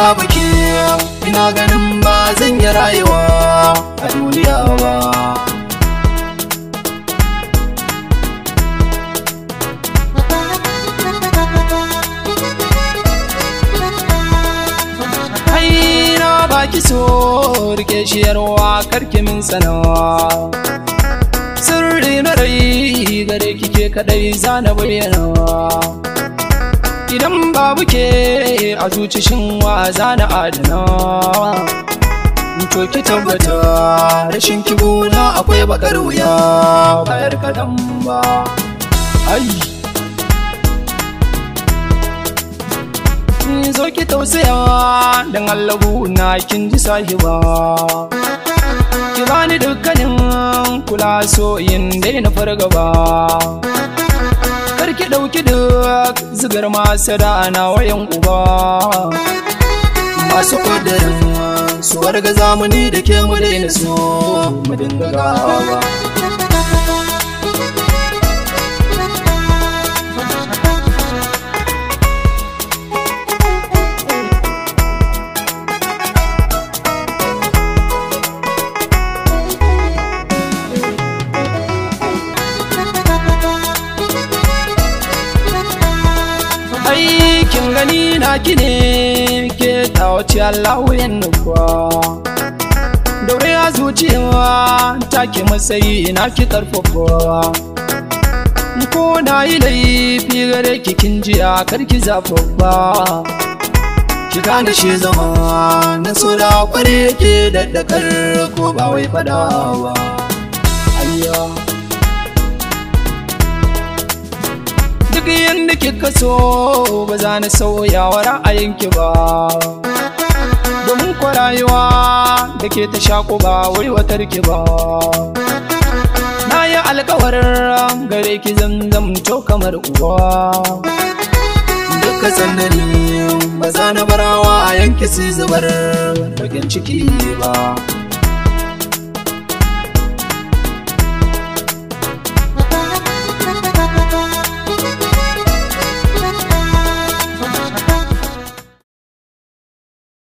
babu ke ina ganin ba zan yi rayuwa a duniya ba baki so rike shiyarwa karki min sanawa sirri na rai gare kike kadai zana bayyanawa idan babu ke a zucishin wa zana adana to ki tabbata rashin ki gona akwai bakar wuya bayar kaɗan ba ai zo ki tausaya don Allah na kin ji sahiba ki bani dukkanin kula yin dai na fargaba ɗauki duk zubar masu rana wayan uba masu ƙudurin su warga zamani da ke mu daina so mu dinga gawa ai kin gani na ki ne ke ta wace allawuyan nufa daure ya zuciya ta ki matsayi na ki karfafa ko na yi laifi gare ki kin jiya kar ki zafafa ki gane shi zama na da kware ke daddakar ko ba wai fadawa duk yadda kika kaso, ba za ni sauyawa ra'ayinki ba domin kwa da ke ta shaƙo ba wai watar ki ba na yi alkawarin gare ki zamzam to kamar uwa duka sandani ba za na barawa a yanke su zubar bakin ciki ba